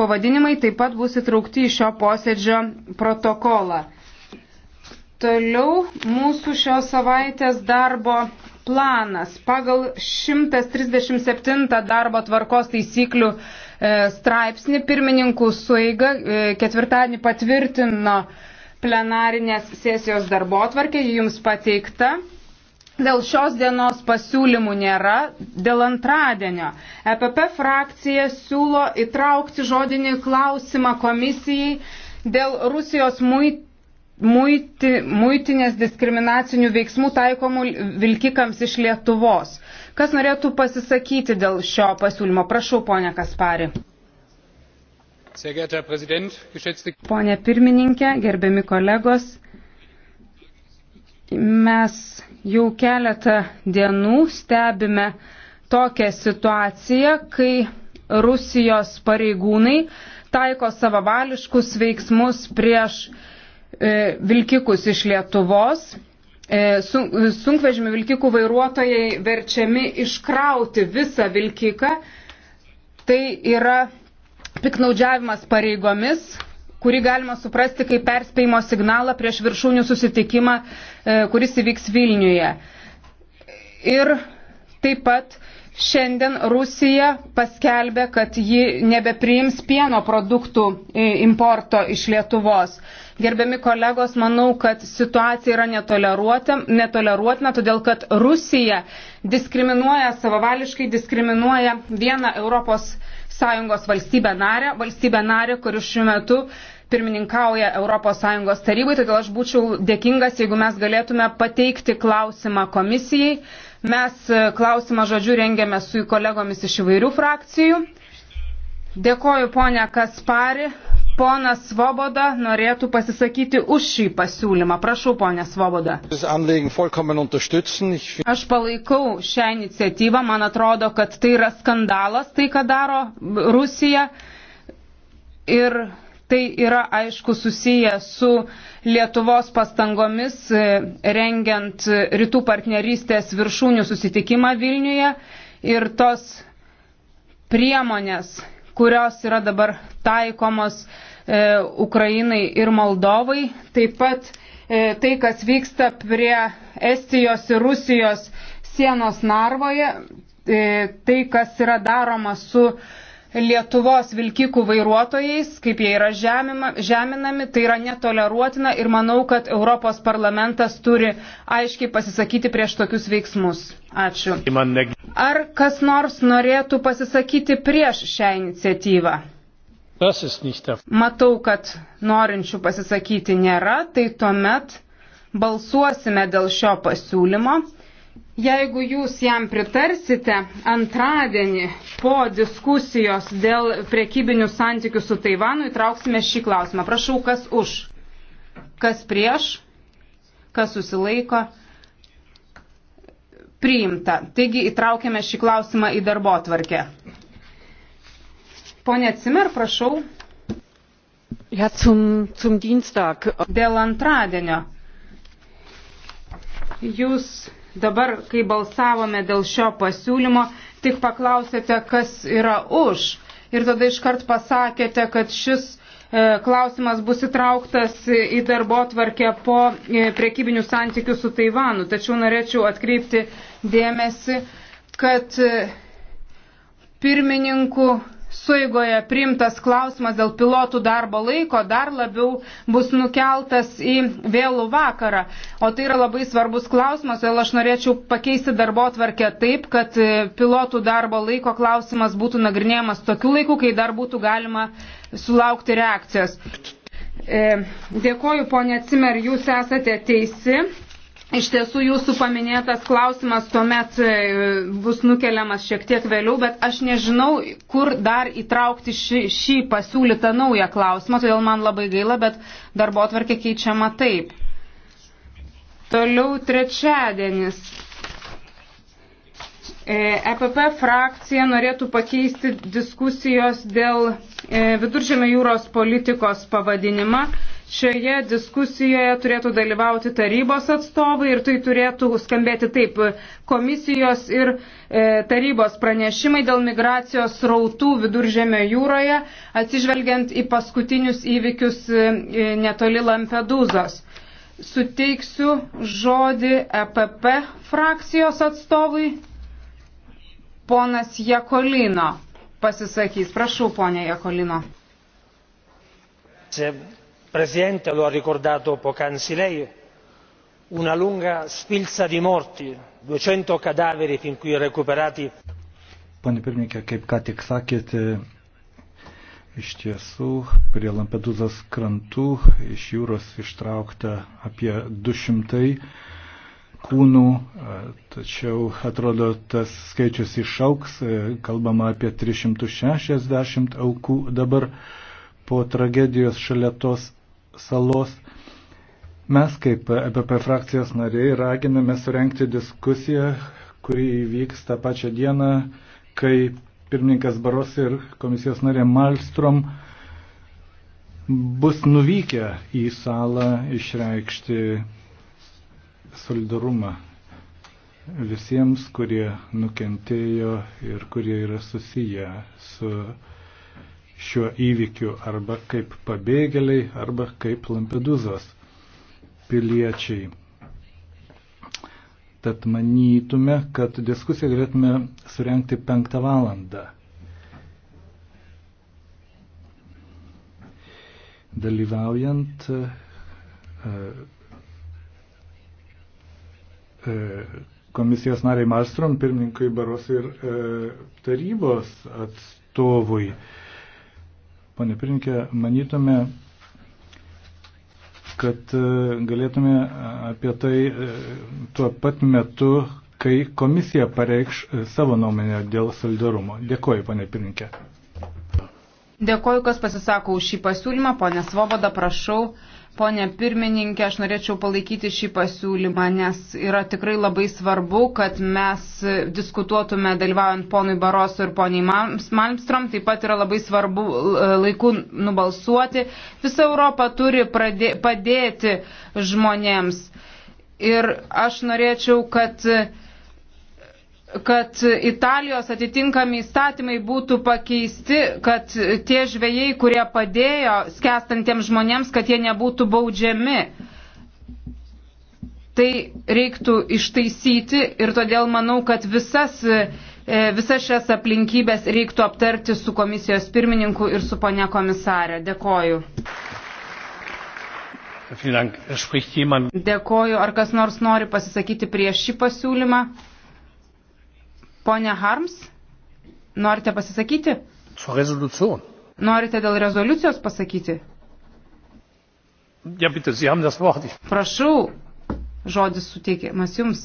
Pavadinimai taip pat bus įtraukti į šio posėdžio protokolą. Toliau mūsų šios savaitės darbo planas. Pagal 137 darbo tvarkos taisyklių e, straipsnį pirmininkų suiga e, ketvirtadienį patvirtino plenarinės sesijos darbo tvarkė, ji jums pateikta. Dėl šios dienos pasiūlymų nėra, dėl antradienio. EPP frakcija siūlo įtraukti žodinį klausimą komisijai dėl Rusijos muitų muiti, muitinės diskriminacinių veiksmų taikomų vilkikams iš Lietuvos. Kas norėtų pasisakyti dėl šio pasiūlymo? Prašau, ponė Kaspari. Pone pirmininkė, gerbiami kolegos, Mes jau keletą dienų stebime tokią situaciją, kai Rusijos pareigūnai taiko savavališkus veiksmus prieš e, vilkikus iš Lietuvos. E, sun, sunkvežimių vilkikų vairuotojai verčiami iškrauti visą vilkiką. Tai yra piknaudžiavimas pareigomis, kurį galima suprasti kaip perspėjimo signalą prieš viršūnių susitikimą, e, kuris įvyks Vilniuje. Ir taip pat šiandien Rusija paskelbė, kad ji nebepriims pieno produktų e, importo iš Lietuvos. Gerbiami kolegos, manau, kad situacija yra netoleruotina, todėl kad Rusija diskriminuoja, savavališkai diskriminuoja vieną Europos sąjungos valstybę narę, valstybę narę, kuri šiuo metu pirmininkauja ES tarybai, todėl aš būčiau dėkingas, jeigu mes galėtume pateikti klausimą komisijai. Mes e, klausimą žodžiu rengėme su kolegomis iš įvairių frakcijų. Dėkoju ponia Kaspari, Ponas Svoboda norėtų pasisakyti už šį pasiūlymą. Prašau, ponė Svoboda. Aš palaikau šią iniciatyvą. Man atrodo, kad tai yra skandalas, tai ką daro Rusija. Ir tai yra, aišku, susiję su Lietuvos pastangomis e, rengiant e, rytų partnerystės viršūnių susitikimą Vilniuje. Ir tos priemonės kurios yra dabar taikomos E, Ukrainai ir Moldovai. Taip pat e, tai, kas vyksta prie Estijos ir Rusijos sienos Narvoje, e, tai, kas yra daroma su Lietuvos vilkikų vairuotojais, kaip jie yra žemima, žeminami, tai yra netoleruotina ir manau, kad Europos parlamentas turi aiškiai pasisakyti prieš tokius veiksmus. Ačiū. Ar kas nors norėtų pasisakyti prieš šią iniciatyvą? Matau, kad norinčių pasisakyti nėra, tai tuomet balsuosime dėl šio pasiūlymo. Jeigu jūs jam pritarsite antradienį po diskusijos dėl priekybinių santykių su Taivanu, įtrauksime šį klausimą. Prašau, kas už, kas prieš, kas susilaiko. Priimta. Taigi įtraukėme šį klausimą į darbo tvarkę. Pone Cimer, prašau. Ja, zum, zum Dienstag. Dėl antradienio. Jūs dabar, kai balsavome dėl šio pasiūlymo, tik paklausėte, kas yra už. Ir tada iškart pasakėte, kad šis e, klausimas bus įtrauktas į darbo tvarkę po e, priekybinių santykių su Taivanu. Tačiau norėčiau atkreipti dėmesį, kad e, pirmininkų suigoje priimtas klausimas dėl pilotų darbo laiko dar labiau bus nukeltas į vėlų vakarą. O tai yra labai svarbus klausimas, todėl aš norėčiau pakeisti darbo tvarkę taip, kad e, pilotų darbo laiko klausimas būtų nagrinėjamas tokiu laiku, kai dar būtų galima sulaukti reakcijos. E, dėkoju, ponė Cimer, jūs esate teisi. Iš tiesų jūsų paminėtas klausimas tuomet e, bus nukeliamas šiek tiek vėliau, bet aš nežinau, kur dar įtraukti šį, šį pasiūlytą naują klausimą, todėl man labai gaila, bet darbo atvarkė keičiama taip. Toliau trečiadienis. EPP e frakcija norėtų pakeisti diskusijos dėl e, viduržėmio jūros politikos pavadinimą. Šioje diskusijoje turėtų dalyvauti tarybos atstovai ir tai turėtų skambėti taip komisijos ir e, tarybos pranešimai dėl migracijos rautų viduržėmio jūroje, atsižvelgiant į paskutinius įvykius e, e netoli Lampedūzos. Suteiksiu žodį EPP frakcijos atstovui, ponas Jekolino. Pasisakys, prašau, ponė Jekolino. Sėb presidente lo ha ricordato poc'anzi lei una lunga sfilza di morti duecento cadaveri fin qui recuperati. pone pirmininke kaip ką tik sakėte iš tiesų prie lampedūzos krantų iš jūros ištraukta apie du šimtai kūnų, tačiau atrodo tas skaičius išauks, kalbama apie 360 aukų dabar po tragedijos šalia tos salos. Mes kaip EPP frakcijos nariai raginame surenkti diskusiją, kuri įvyks tą pačią dieną, kai pirmininkas Baros ir komisijos narė Malstrom bus nuvykę į salą išreikšti solidarumą visiems, kurie nukentėjo ir kurie yra susiję su šiuo įvykiu arba kaip pabėgėliai, arba kaip Lampedūzos piliečiai. Tad manytume, kad diskusiją galėtume surenkti penktą valandą. Dalyvaujant e, e, komisijos nariai Marstrom, pirmininkui Baros ir e, tarybos atstovui. Pane Pirinkė, manytume, kad e, galėtume e, apie tai e, tuo pat metu, kai komisija pareikš savo nuomonę dėl solidarumo. Dėkuoju, pane Pirinkė. Dėkoju, kas pasisako už šį pasiūlymą. Pone Svoboda, prašau. Pone pirmininkė, aš norėčiau palaikyti šį pasiūlymą, nes yra tikrai labai svarbu, kad mes diskutuotume dalyvaujant ponui Baroso ir poniai Malmstrom. Taip pat yra labai svarbu e, laiku nubalsuoti. Visa Europa turi pradė, padėti žmonėms. Ir aš norėčiau, kad kad Italijos atitinkami įstatymai būtų pakeisti, kad tie žvėjai, kurie padėjo skestantiems žmonėms, kad jie nebūtų baudžiami. Tai reiktų ištaisyti ir todėl manau, kad visas, e, visas šias aplinkybės reiktų aptarti su komisijos pirmininku ir su ponia komisarė. Dėkoju. Dėkoju. Ar kas nors nori pasisakyti prieš šį pasiūlymą? Pone Harms, norite pasisakyti? Su rezoliucijom. Norite dėl rezoliucijos pasakyti? Ja, bitte, Sie haben das Wort. Prašau, žodis suteikiamas jums.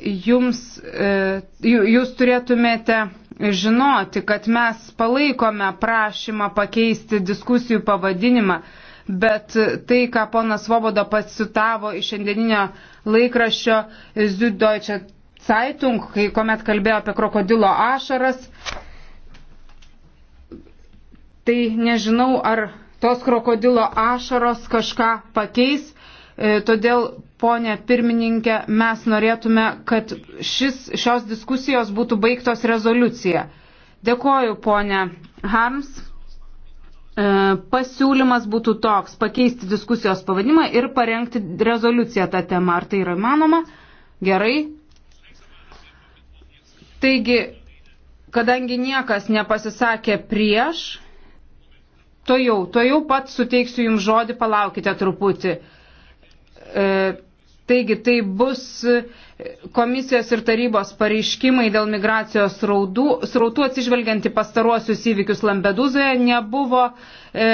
Jums, e, jūs turėtumėte žinoti, kad mes palaikome prašymą pakeisti diskusijų pavadinimą, bet tai, ką ponas Svoboda pasitavo iš šiandieninio laikraščio Züddeutsche Zeitung, kai kuomet kalbėjo apie krokodilo ašaras. Tai nežinau, ar tos krokodilo ašaros kažką pakeis. E, todėl, ponė pirmininkė, mes norėtume, kad šis, šios diskusijos būtų baigtos rezoliucija. Dėkoju, ponė Harms. E, pasiūlymas būtų toks - pakeisti diskusijos pavadimą ir parengti rezoliuciją tą temą. Ar tai yra įmanoma? Gerai. Taigi, kadangi niekas nepasisakė prieš, to jau, to jau pat suteiksiu jums žodį, palaukite truputį. E, taigi, tai bus komisijos ir tarybos pareiškimai dėl migracijos sraudų, srautų atsižvelgiant į pastaruosius įvykius Lambeduzoje nebuvo, e,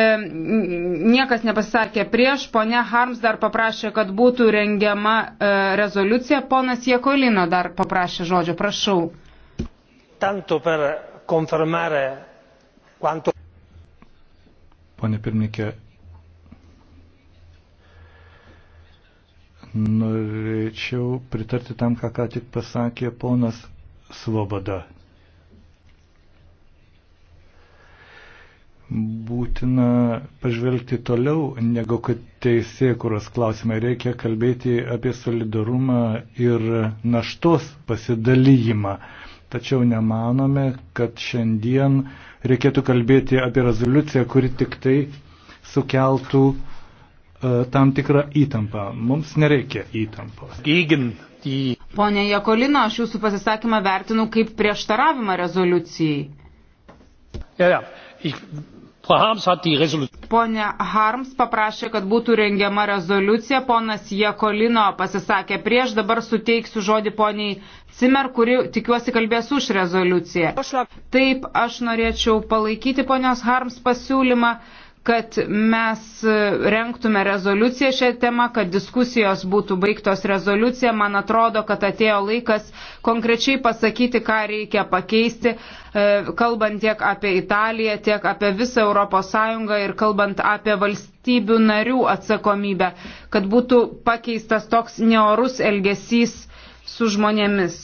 niekas nepasisakė prieš, ponia Harms dar paprašė, kad būtų rengiama e, rezoliucija, ponas Jekolino dar paprašė žodžio, prašau tanto per confermare quanto. Pone pirmininkė, norėčiau pritarti tam, ką ką tik pasakė ponas Svoboda. būtina pažvelgti toliau, negu kad teisėkuros klausimai. Reikia kalbėti apie solidarumą ir naštos pasidalyjimą tačiau nemanome, kad šiandien reikėtų kalbėti apie rezoliuciją, kuri tik tai sukeltų uh, tam tikrą įtampą. Mums nereikia įtampos. Gegen. Pone Jakolino, aš jūsų pasisakymą vertinu kaip prieštaravimą rezoliucijai. Ja, ja. Ich, Frau Harms hat die Resolution. Pone Harms paprašė, kad būtų rengiama rezoliucija, ponas Jekolino pasisakė prieš, dabar suteiksiu žodį poniai Cimer, kuri tikiuosi kalbės už rezoliuciją. Taip, aš norėčiau palaikyti ponios Harms pasiūlymą kad mes e, renktume rezoliuciją šią temą, kad diskusijos būtų baigtos rezoliucija. Man atrodo, kad atėjo laikas konkrečiai pasakyti, ką reikia pakeisti, e, kalbant tiek apie Italiją, tiek apie visą ES ir kalbant apie valstybių narių atsakomybę, kad būtų pakeistas toks neorus elgesys su žmonėmis.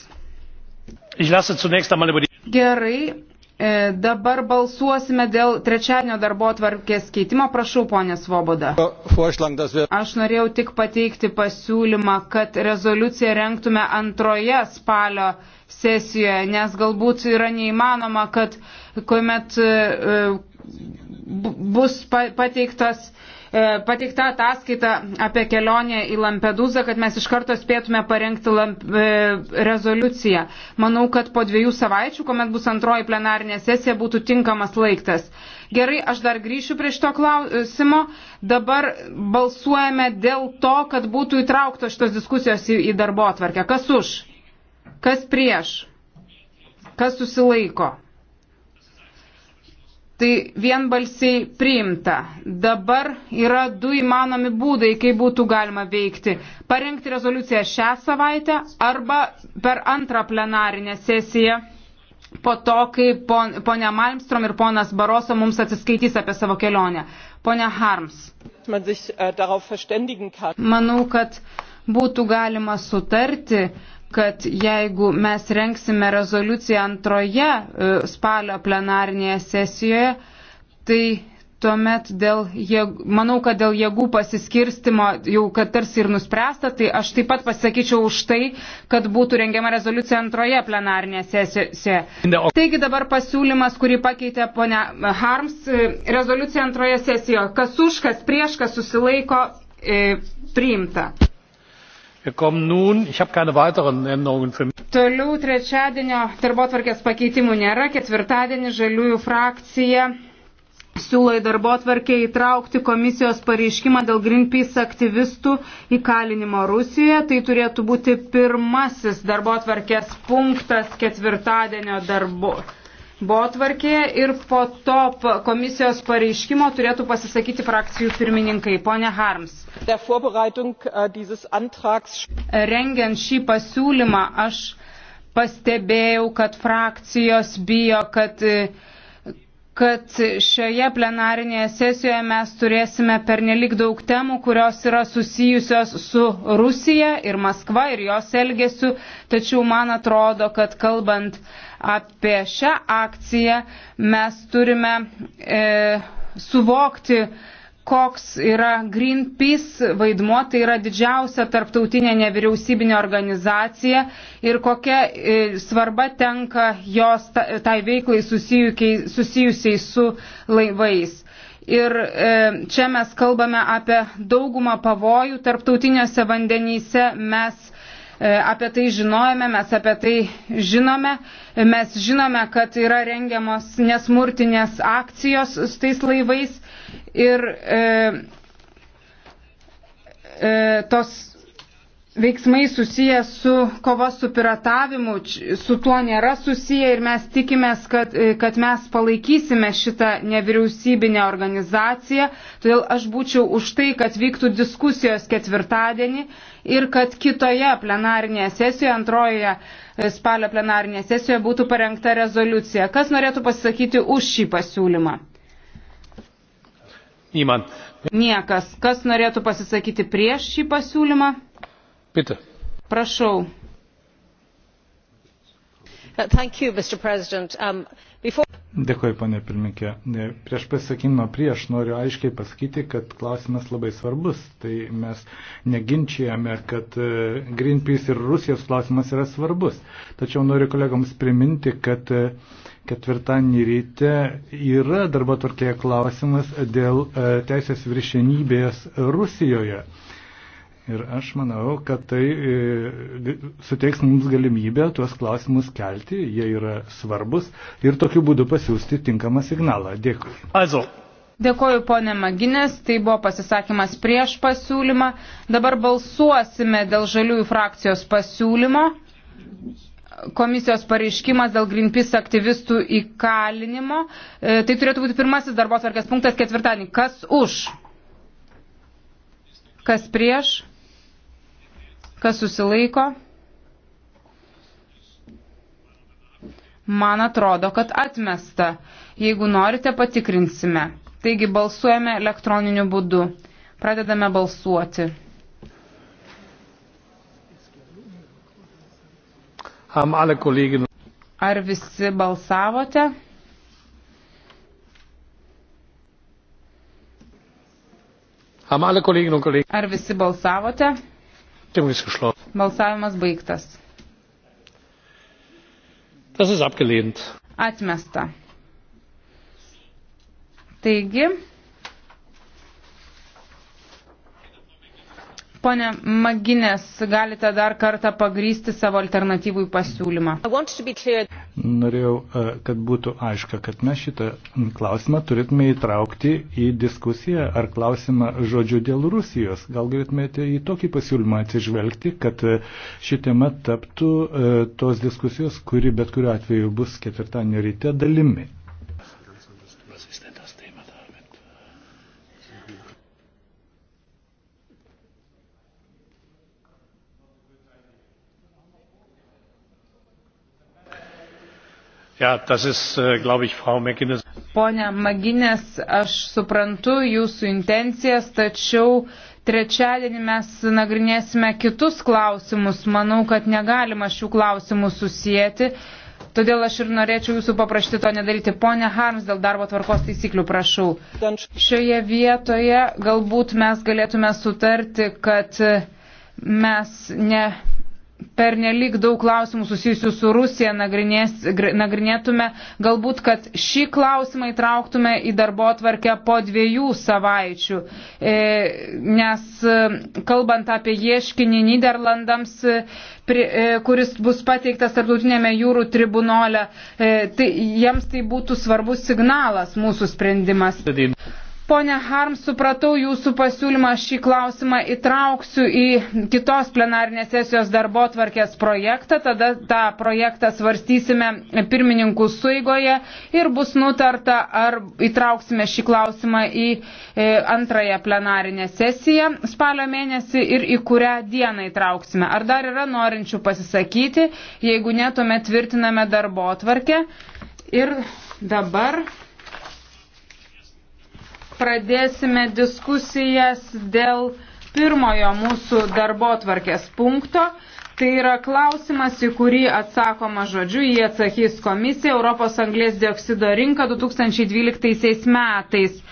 Gerai, E, dabar balsuosime dėl trečiadienio darbo tvarkės keitimo. Prašau, ponė Svoboda. Aš norėjau tik pateikti pasiūlymą, kad rezoliuciją renktume antroje spalio sesijoje, nes galbūt yra neįmanoma, kad kuomet e, bus pateiktas E, pateikta ataskaita apie kelionę į Lampedūzą, kad mes iš karto spėtume parengti lamp, e, rezoliuciją. Manau, kad po dviejų savaičių, kuomet bus antroji plenarinė sesija, būtų tinkamas laiktas. Gerai, aš dar grįšiu prie šito klausimo. Dabar balsuojame dėl to, kad būtų įtrauktos šitos diskusijos į, į darbo atvarkę. Kas už? Kas prieš? Kas susilaiko? tai vienbalsiai priimta. Dabar yra du įmanomi būdai, kaip būtų galima veikti. Parengti rezoliuciją šią savaitę arba per antrą plenarinę sesiją po to, kai pon, ponia Malmstrom ir ponas Baroso mums atsiskaitys apie savo kelionę. Pone Harms. Äh, Manau, kad būtų galima sutarti, kad jeigu mes renksime rezoliuciją antroje e, spalio plenarinėje sesijoje, tai tuomet dėl, jėg, manau, kad dėl jėgų pasiskirstimo, jau kad tarsi ir nuspręsta, tai aš taip pat pasakyčiau už tai, kad būtų rengiama rezoliucija antroje plenarinėje sesijoje. Taigi dabar pasiūlymas, kurį pakeitė ponia Harms, e, rezoliucija antroje sesijoje. Kas už, kas prieš, kas susilaiko, e, priimta. Toliau trečiadienio darbotvarkės pakeitimų nėra. Ketvirtadienį žaliųjų frakcija siūlo į darbotvarkę įtraukti komisijos pareiškimą dėl Greenpeace aktyvistų įkalinimo Rusijoje. Tai turėtų būti pirmasis darbotvarkės punktas ketvirtadienio darbo botvarkė ir po to komisijos pareiškimo turėtų pasisakyti frakcijų pirmininkai. Pone Harms. Äh, Rengiant šį pasiūlymą aš pastebėjau, kad frakcijos bijo, kad äh, kad šioje plenarinėje sesijoje mes turėsime pernelik daug temų, kurios yra susijusios su Rusija ir Maskva ir jos elgesiu, tačiau man atrodo, kad kalbant apie šią akciją mes turime e, suvokti, koks yra Greenpeace vaidmuo, tai yra didžiausia tarptautinė nevyriausybinė organizacija ir kokia e, svarba tenka jos tai veiklai susijusiai su laivais. Ir e, čia mes kalbame apie daugumą pavojų tarptautiniuose vandenyse, mes E, apie tai žinojame, mes apie tai žinome. Mes žinome, kad yra rengiamos nesmurtinės akcijos su tais laivais ir e, e, tos veiksmai susiję su kova su piratavimu, su tuo nėra susiję ir mes tikimės, kad, e, kad mes palaikysime šitą nevyriausybinę organizaciją. Todėl aš būčiau už tai, kad vyktų diskusijos ketvirtadienį ir kad kitoje plenarinėje sesijoje, antrojoje e, spalio plenarinėje sesijoje būtų parengta rezoliucija. Kas norėtų pasisakyti už šį pasiūlymą? Niekas. Kas norėtų pasisakyti prieš šį pasiūlymą? Pite. Prašau. Uh, you, um, before... Dėkuoju, ponė pirmininkė. Prieš pasakymą prieš noriu aiškiai pasakyti, kad klausimas labai svarbus. Tai mes neginčijame, kad e, Greenpeace ir Rusijos klausimas yra svarbus. Tačiau noriu kolegoms priminti, kad e, ketvirtadienį ryte yra darbo tvarkėje klausimas dėl e, teisės viršienybės Rusijoje. Ir aš manau, kad tai e, suteiks mums galimybę tuos klausimus kelti, jie yra svarbus ir tokiu būdu pasiūsti tinkamą signalą. Dėkui. Also. Dėkoju ponė Maginės, tai buvo pasisakymas prieš pasiūlymą. Dabar balsuosime dėl žaliųjų frakcijos pasiūlymo. Komisijos pareiškimas dėl Greenpeace aktyvistų įkalinimo. E, tai turėtų būti pirmasis darbo tvarkės punktas ketvirtadienį. Kas už? Kas prieš? Kas susilaiko? Man atrodo, kad atmesta. Jeigu norite, patikrinsime. Taigi balsuojame elektroniniu būdu. Pradedame balsuoti. Ar visi balsavote? Ar visi balsavote? Balsavimas baigtas. Atmesta. Taigi, Pone Maginės, galite dar kartą pagrysti savo alternatyvų pasiūlymą. Norėjau, e, kad būtų aiška, kad mes šitą klausimą turėtume įtraukti į diskusiją ar klausimą žodžių dėl Rusijos. Gal galėtumėte į tokį pasiūlymą atsižvelgti, kad e, ši tema taptų e, tos diskusijos, kuri bet kuriuo atveju bus ketvirtadienio ryte dalimi. Ja, ist, äh, ich, Pone Maginės, aš suprantu jūsų intencijas, tačiau trečiadienį mes nagrinėsime kitus klausimus. Manau, kad negalima šių klausimų susijęti. Todėl aš ir norėčiau jūsų paprašyti to nedaryti. Pone Harms, dėl darbo tvarkos taisyklių prašau. Šioje vietoje galbūt mes galėtume sutarti, kad mes ne per nelik daug klausimų susijusių su Rusija nagrinės, nagrinėtume, galbūt, kad šį klausimą įtrauktume į darbo atvarkę po dviejų savaičių. E, nes e, kalbant apie ieškinį Niderlandams, e, pri, e, kuris bus pateiktas tarptautinėme jūrų tribunole, e, tai jiems tai būtų svarbus signalas mūsų sprendimas. Sėdėjim. Pone Harm, supratau jūsų pasiūlymą, šį klausimą įtrauksiu į kitos plenarinės sesijos darbo tvarkės projektą, tada tą projektą svarstysime pirmininkų suigoje ir bus nutarta, ar įtrauksime šį klausimą į e, antrąją plenarinę sesiją spalio mėnesį ir į kurią dieną įtrauksime. Ar dar yra norinčių pasisakyti, jeigu ne, tuomet tvirtiname darbo tvarkę. Ir dabar pradėsime diskusijas dėl pirmojo mūsų darbo tvarkės punkto. Tai yra klausimas, į kurį atsakoma žodžiu, jį atsakys komisija Europos anglės dioksido rinka 2012 metais.